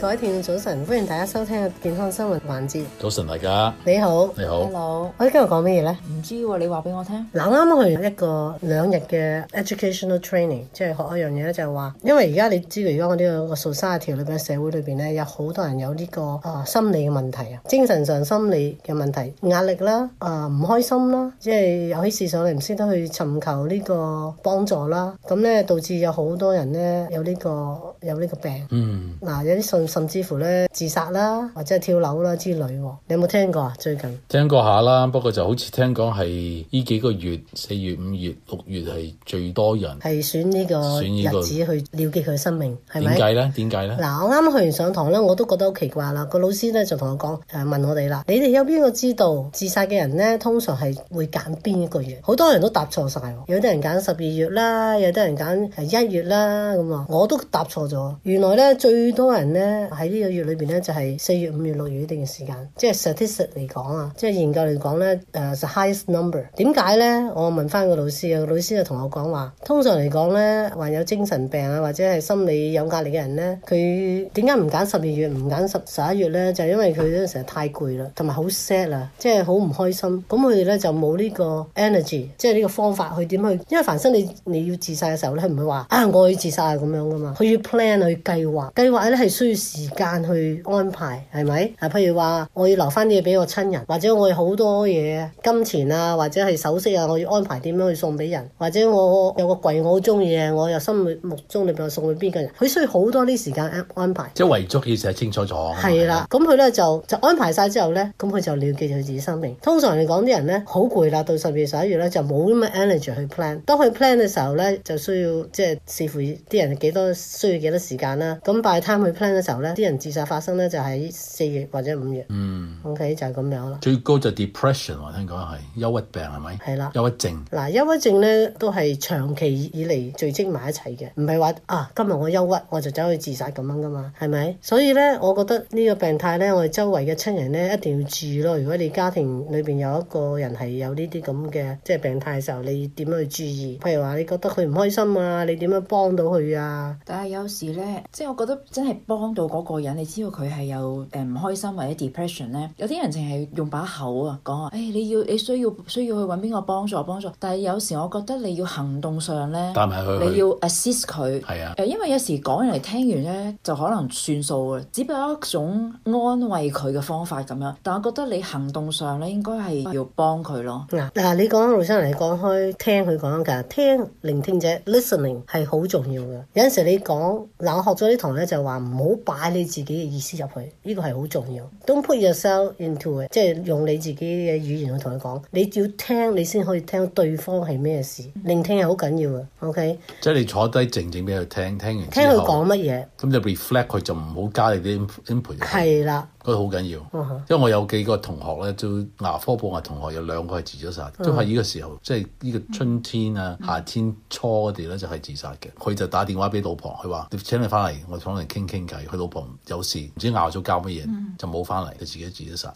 改天早晨，歡迎大家收聽嘅健康生活環節。早晨大家，你好，你好，Hello。天啊、你我哋今日講乜嘢咧？唔知你話俾我聽。嗱，啱啱去完一個兩日嘅 educational training，即係學一樣嘢咧，就係話，因為而家你知道、這個，而家我呢個 society 裏邊，社會裏邊咧，有好多人有呢、這個啊、呃、心理嘅問題啊，精神上心理嘅問題，壓力啦，啊、呃、唔開心啦，即、就、係、是、有起事上你唔識得去尋求呢個幫助啦，咁咧導致有好多人咧有呢、這個有呢個病。嗯。嗱、啊，有啲信。甚至乎咧自殺啦，或者係跳樓啦之類，你有冇聽過啊？最近聽過一下啦，不過就好似聽講係呢幾個月，四月、五月、六月係最多人係選呢個日子去了結佢生命，係咪呢個？點解呢？點解呢？嗱，我啱啱去完上堂咧，我都覺得好奇怪啦。個老師咧就同我講，問我哋啦，你哋有邊個知道自殺嘅人咧，通常係會揀邊一個月？好多人都答錯晒，有啲人揀十二月啦，有啲人揀一月啦咁啊，我都答錯咗。原來咧最多人咧。喺呢個月裏邊咧，就係四月、五月、六月呢段時間，即係 statistic 嚟講啊，即係研究嚟講咧，誒係 highest number。點解咧？我問翻個老師啊，老師就同我講話，通常嚟講咧，患有精神病啊或者係心理有壓力嘅人咧，佢點解唔揀十二月、唔揀十十一月咧？就係因為佢咧成日太攰啦，同埋好 sad 啊，即係好唔開心。咁佢哋咧就冇呢個 energy，即係呢個方法怎麼去點去。因為凡身你你要自殺嘅時候咧，唔係話啊我要自殺啊咁樣噶嘛，佢要 plan 去計,計劃，計劃咧係需要。時間去安排係咪啊？譬如話，我要留翻啲嘢俾我親人，或者我有好多嘢金錢啊，或者係首飾啊，我要安排點樣去送俾人，或者我有個櫃我好中意嘅，我又心目中你俾我送去邊個人，佢需要好多啲時間安安排。即係遺囑要寫清楚咗。係啦，咁佢咧就就安排晒之後咧，咁佢就了結佢自己生命。通常嚟講，啲人咧好攰啦，到十月十一月咧就冇咁嘅 energy 去 plan。當佢 plan 嘅時候咧，就需要即係、就是、視乎啲人幾多需要幾多時間啦。咁拜貪去 plan 嘅時候。啲人自殺發生咧就喺四月或者五月。嗯，OK 就係咁樣啦。最高就係 depression，我聽講係憂鬱病係咪？係啦。憂鬱症嗱，憂鬱症咧都係長期以嚟聚積埋一齊嘅，唔係話啊今日我憂鬱我就走去自殺咁樣噶嘛，係咪？所以咧，我覺得呢個病態咧，我哋周圍嘅親人咧一定要注意咯。如果你家庭裏邊有一個人係有呢啲咁嘅即係病態嘅時候，你點樣去注意？譬如話你覺得佢唔開心啊，你點樣幫到佢啊？但係有時咧，即係我覺得真係幫到。嗰、那個人，你知道佢係有誒唔、呃、開心或者 depression 咧？有啲人淨係用把口啊講啊，誒、哎、你要你需要需要去揾邊個幫助幫助。但係有時我覺得你要行動上咧，你要 assist 佢係啊、呃、因為有時講嚟聽完咧就可能算數啊，只不過一種安慰佢嘅方法咁樣。但我覺得你行動上咧應該係要幫佢咯。嗱、啊、嗱，你講盧生嚟講開聽佢講嘅，聽，聽聆聽者 listening 係好重要嘅。有陣時你講嗱，我學咗啲堂咧，就話唔好扮。擺你自己嘅意思入去，呢個係好重要。Don't put yourself into it，即係用你自己嘅語言去同佢講。你要聽，你先可以聽對方係咩事。聆聽係好緊要嘅。OK，即係你坐低靜靜俾佢聽聽完，聽佢講乜嘢，咁就 reflect 佢就唔好加你啲 input。係啦。嗰個好緊要，因為我有幾個同學咧，就牙科部嘅同學有兩個係自咗殺，都係呢個時候，即係呢個春天啊、夏天初嗰啲咧就係自殺嘅。佢就打電話俾老婆，佢話：你請你翻嚟，我同你傾傾偈。佢老婆有事，唔知拗咗交乜嘢，就冇翻嚟，佢自己自咗殺。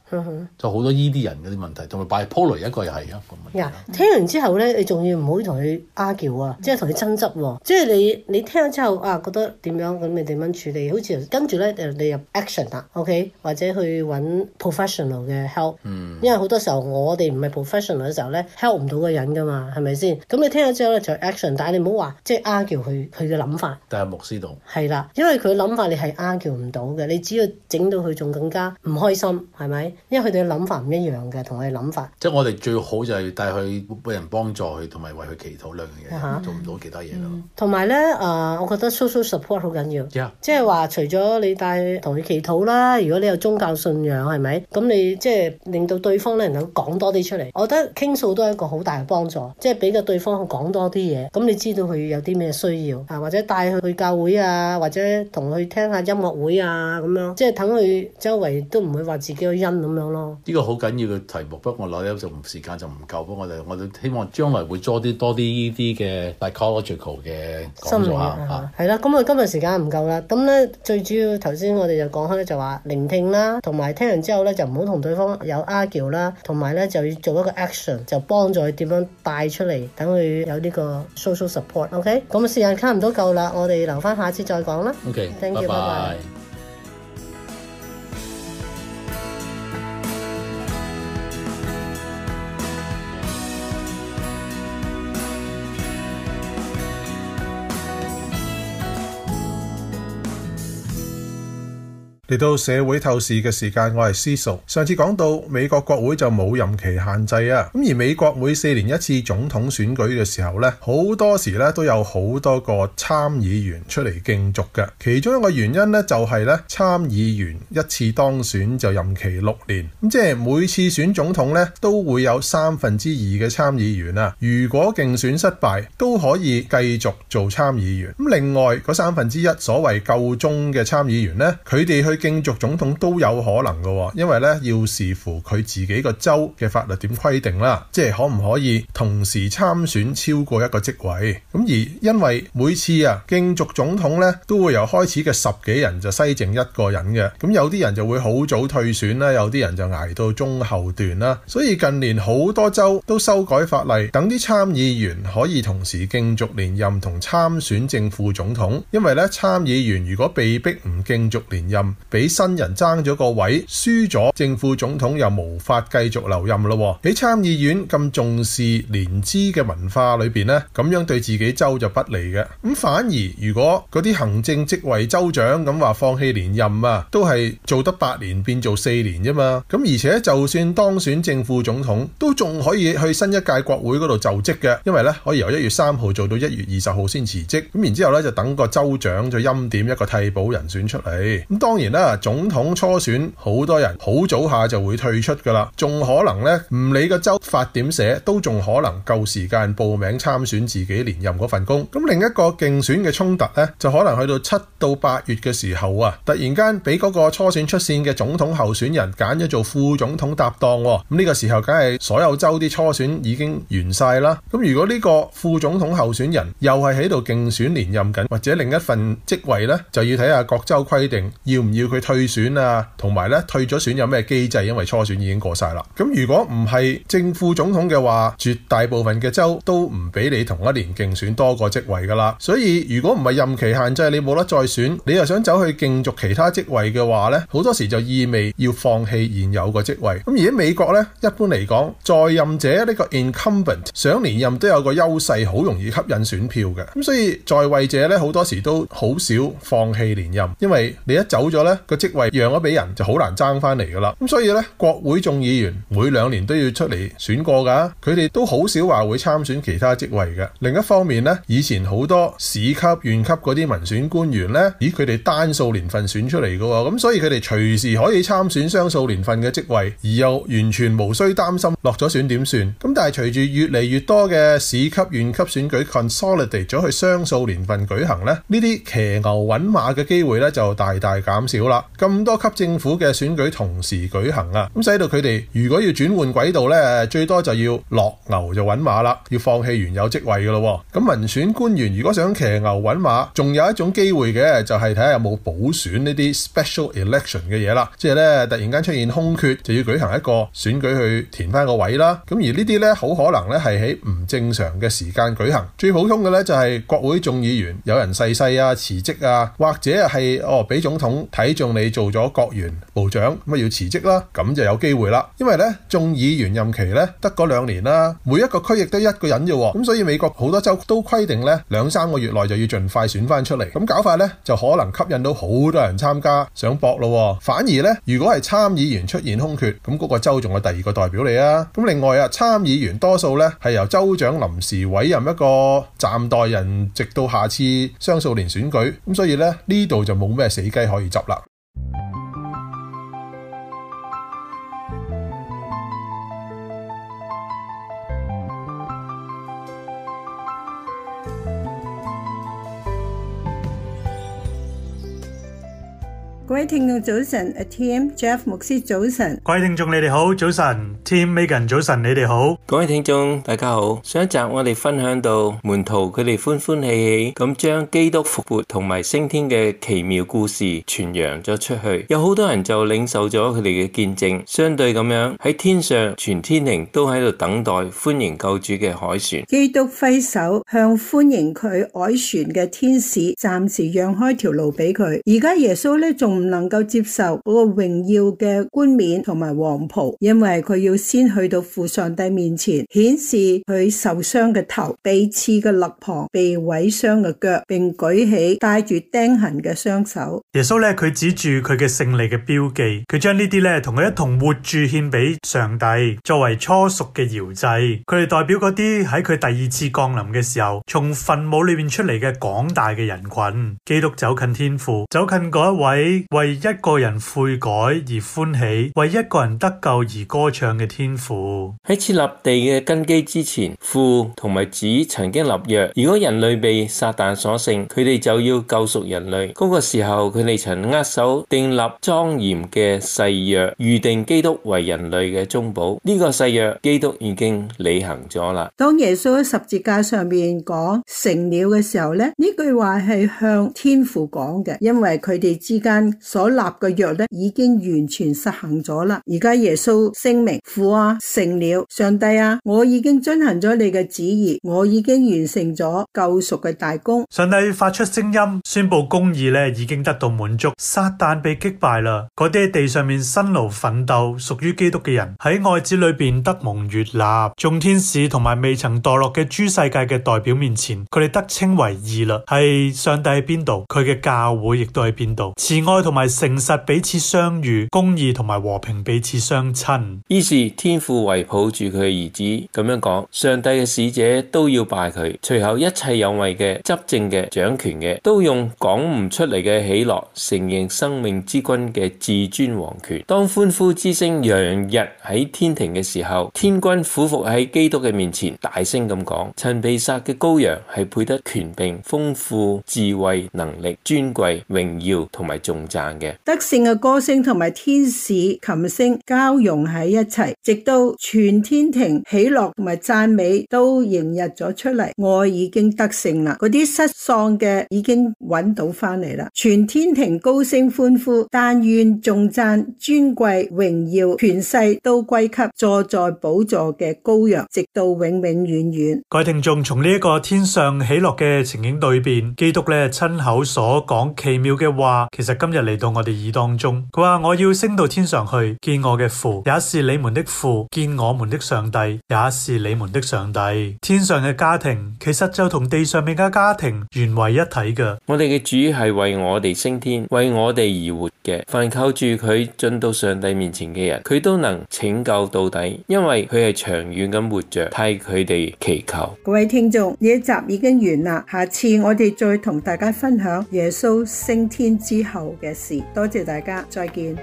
就好多呢啲人嗰啲問題，同埋 bipolar 一個又係一個問題。嗱、啊，yeah，聽完之後咧，你仲要唔好同佢拗撬啊，即係同佢爭執喎、哦。即係你你聽咗之後啊，覺得點樣咁你點樣處理？好似跟住咧你入 action 啦，OK。或者去揾 professional 嘅 help，嗯，因為好多時候我哋唔係 professional 嘅時候咧，help 唔到個人噶嘛，係咪先？咁你聽咗之後咧就 action，但係你唔好話即係 argue 佢佢嘅諗法，但係牧師度，係啦，因為佢嘅諗法你係 argue 唔到嘅，你只要整到佢仲更加唔開心，係咪？因為佢哋嘅諗法唔一樣嘅，同佢哋諗法。即係我哋最好就係帶佢俾人幫助佢，同埋為佢祈禱兩樣嘢，做唔到其他嘢咯。同埋咧，誒、呃，我覺得 social support 好緊要，即係話除咗你帶同佢祈禱啦，如果你有。宗教信仰係咪？咁你即係、就是、令到對方咧能夠講多啲出嚟，我覺得傾訴都係一個好大嘅幫助，即係俾個對方講多啲嘢。咁你知道佢有啲咩需要啊？或者帶佢去教會啊，或者同佢去聽下音樂會啊咁樣，即係等佢周圍都唔會話自己個音咁樣咯。呢個好緊要嘅題目，不過我留咗就時間就唔夠，不過我哋，我哋希望將來會做多啲多啲呢啲嘅 psychological 嘅心下。係啦，咁啊了那今日時間唔夠啦。咁咧最主要頭先我哋就講開咧就話聆聽。同埋聽完之後咧就唔好同對方有 argue 啦，同埋咧就要做一個 action，就幫助佢點樣帶出嚟，等佢有呢個 social support。OK，咁時間差唔多夠啦，我哋留翻下次再講啦。OK，thank you，拜拜。嚟到社會透視嘅時間，我係司徒。上次講到美國國會就冇任期限制啊，咁而美國每四年一次總統選舉嘅時候咧，好多時咧都有好多個參議員出嚟競逐嘅。其中一個原因咧就係咧參議員一次當選就任期六年，咁即係每次選總統咧都會有三分之二嘅參議員啊。如果競選失敗都可以繼續做參議員。咁另外嗰三分之一所謂夠鐘嘅參議員咧，佢哋去。競逐總統都有可能嘅，因為咧要視乎佢自己個州嘅法律點規定啦，即係可唔可以同時參選超過一個職位咁？而因為每次啊競逐總統咧，都會由開始嘅十幾人就篩剩一個人嘅，咁有啲人就會好早退選啦，有啲人就挨到中後段啦。所以近年好多州都修改法例，等啲參議員可以同時競逐連任同參選正副總統，因為咧參議員如果被逼唔競逐連任。俾新人爭咗個位，輸咗，正副總統又無法繼續留任咯。喺參議院咁重視年資嘅文化裏面呢，咁樣對自己州就不利嘅。咁反而如果嗰啲行政職位州長咁話放棄連任啊，都係做得八年變做四年啫嘛。咁而且就算當選正副總統，都仲可以去新一屆國會嗰度就職嘅，因為呢可以由一月三號做到一月二十號先辭職，咁然之後呢，就等個州長再欽點一個替補人選出嚟。咁當然啦。總統初選好多人好早下就會退出噶啦，仲可能呢，唔理個州法點寫，都仲可能夠時間報名參選自己連任嗰份工。咁、嗯、另一個競選嘅衝突呢，就可能去到七到八月嘅時候啊，突然間俾嗰個初選出線嘅總統候選人揀咗做副總統搭檔。咁、嗯、呢、呢個時候梗係所有州啲初選已經完晒啦。咁、嗯、如果呢個副總統候選人又係喺度競選連任緊，或者另一份職位呢，就要睇下各州規定要唔要。佢退選啊，同埋咧退咗選有咩機制？因為初選已經過晒啦。咁如果唔係正副總統嘅話，絕大部分嘅州都唔俾你同一年競選多個職位噶啦。所以如果唔係任期限制，你冇得再選，你又想走去競逐其他職位嘅話呢，好多時就意味要放棄現有個職位。咁而喺美國呢，一般嚟講，在任者呢個 incumbent 想連任都有個優勢，好容易吸引選票嘅。咁所以在位者呢，好多時都好少放棄連任，因為你一走咗呢。個職位讓咗俾人就好難爭翻嚟噶啦，咁所以咧，國會眾議員每兩年都要出嚟選過噶，佢哋都好少話會參選其他職位嘅。另一方面咧，以前好多市級、縣級嗰啲民選官員咧，以佢哋單數年份選出嚟噶，咁所以佢哋隨時可以參選雙數年份嘅職位，而又完全無需擔心落咗選點算。咁但係隨住越嚟越多嘅市級、縣級選舉 consolidate 咗去雙數年份舉行咧，呢啲騎牛揾馬嘅機會咧就大大減少。好啦，咁多級政府嘅選舉同時舉行啊，咁使到佢哋如果要轉換軌道咧，最多就要落牛就揾馬啦，要放棄原有職位㗎咯。咁民選官員如果想騎牛揾馬，仲有一種機會嘅，就係睇下有冇補選呢啲 special election 嘅嘢啦。即係咧，突然間出現空缺，就要舉行一個選舉去填翻個位啦。咁而呢啲咧好可能咧係喺唔正常嘅時間舉行。最普通嘅咧就係、是、國會眾議員有人逝世啊、辭職啊，或者係哦俾總統睇。仲你做咗國員、部長，乜要辭職啦？咁就有機會啦。因為呢，眾議員任期呢得嗰兩年啦，每一個區域都一個人嘅，咁所以美國好多州都規定呢兩三個月內就要盡快選翻出嚟。咁搞法呢，就可能吸引到好多人參加，想搏咯。反而呢，如果係參議員出現空缺，咁嗰個州仲有第二個代表你啊。咁另外啊，參議員多數呢係由州長臨時委任一個暫代人，直到下次雙數年選舉。咁所以呢，呢度就冇咩死雞可以執啦。各位聽眾早晨，阿 Tim、Jeff、牧師早晨。各位聽眾你哋好，早晨，Tim、Megan 早晨你哋好。各位聽眾大家好。上一集我哋分享到門徒佢哋歡歡喜喜咁將基督復活同埋升天嘅奇妙故事傳揚咗出去，有好多人就領受咗佢哋嘅見證，相對咁樣喺天上全天庭都喺度等待歡迎救主嘅凱旋。基督揮手向歡迎佢凱旋嘅天使，暫時讓開條路俾佢。而家耶穌咧仲唔能夠接受嗰個榮耀嘅冠冕同埋黃袍，因為佢要先去到父上帝面前，顯示佢受傷嘅頭、被刺嘅肋旁、被毀傷嘅腳，並舉起帶住釘痕嘅雙手。耶穌咧，佢指住佢嘅勝利嘅標記，佢將呢啲咧同佢一同活住獻俾上帝，作為初熟嘅搖祭。佢哋代表嗰啲喺佢第二次降臨嘅時候，從墳墓裏面出嚟嘅廣大嘅人群。基督走近天父，走近嗰一位。為一個人悔改而歡喜，為一個人得救而歌唱嘅天父。喺設立地嘅根基之前，父同埋子曾經立約。如果人類被撒旦所勝，佢哋就要救贖人類。嗰個時候，佢哋曾握手訂立莊嚴嘅誓約，預定基督為人類嘅中保。呢個誓約，基督已經履行咗啦。當耶穌喺十字架上面講成了嘅時候，呢句話係向天父講嘅，因為佢哋之間所立嘅約咧，已經完全實行咗啦。而家耶穌聲明，父啊，成了，上帝啊，我已經遵行咗你嘅旨意，我已經完成咗救贖嘅大功。上帝發出聲音，宣布公義咧，已經得到滿足，撒旦被擊敗啦。嗰啲喺地上面辛勞奮鬥、屬於基督嘅人，喺愛子裏邊得蒙悅納。眾天使同埋未曾墮落嘅諸世界嘅代表面前，佢哋得稱為義啦。係上帝喺邊度，佢嘅教會亦都喺邊度，慈愛。同埋誠實彼此相遇，公義同埋和平彼此相親。於是天父維抱住佢嘅兒子咁樣講：，上帝嘅使者都要拜佢。隨後一切有位嘅執政嘅掌權嘅，都用講唔出嚟嘅，喜樂承認生命之君嘅至尊皇權。當歡呼之聲洋溢喺天庭嘅時候，天君俯伏喺基督嘅面前，大聲咁講：，陳被殺嘅羔羊係配得權柄、豐富、智慧、能力、尊貴、榮耀同埋眾。嘅得勝嘅歌聲同埋天使琴聲交融喺一齊，直到全天庭喜樂同埋讚美都迎日咗出嚟，我已經得勝啦！嗰啲失喪嘅已經揾到翻嚟啦！全天庭高聲歡呼，但願眾讚尊貴榮耀權勢都歸給坐在寶座嘅羔羊，直到永永遠遠。各位聽眾從呢一個天上喜樂嘅情景裏邊，基督咧親口所講奇妙嘅話，其實今日。嚟到我哋耳當中，佢話我要升到天上去見我嘅父，也是你們的父；見我們的上帝，也是你們的上帝。天上嘅家庭其實就同地上面嘅家庭原為一體嘅。我哋嘅主係為我哋升天，為我哋而活嘅。凡靠住佢進到上帝面前嘅人，佢都能拯救到底，因為佢係長遠咁活着，替佢哋祈求。各位聽眾，呢一集已經完啦，下次我哋再同大家分享耶穌升天之後嘅。多謝大家，再見。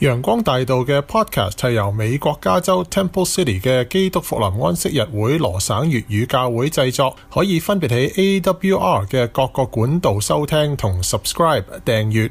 陽光大道嘅 Podcast 係由美國加州 Temple City 嘅基督復臨安息日會羅省粵語教會製作，可以分別喺 AWR 嘅各個管道收聽同 subscribe 訂閱。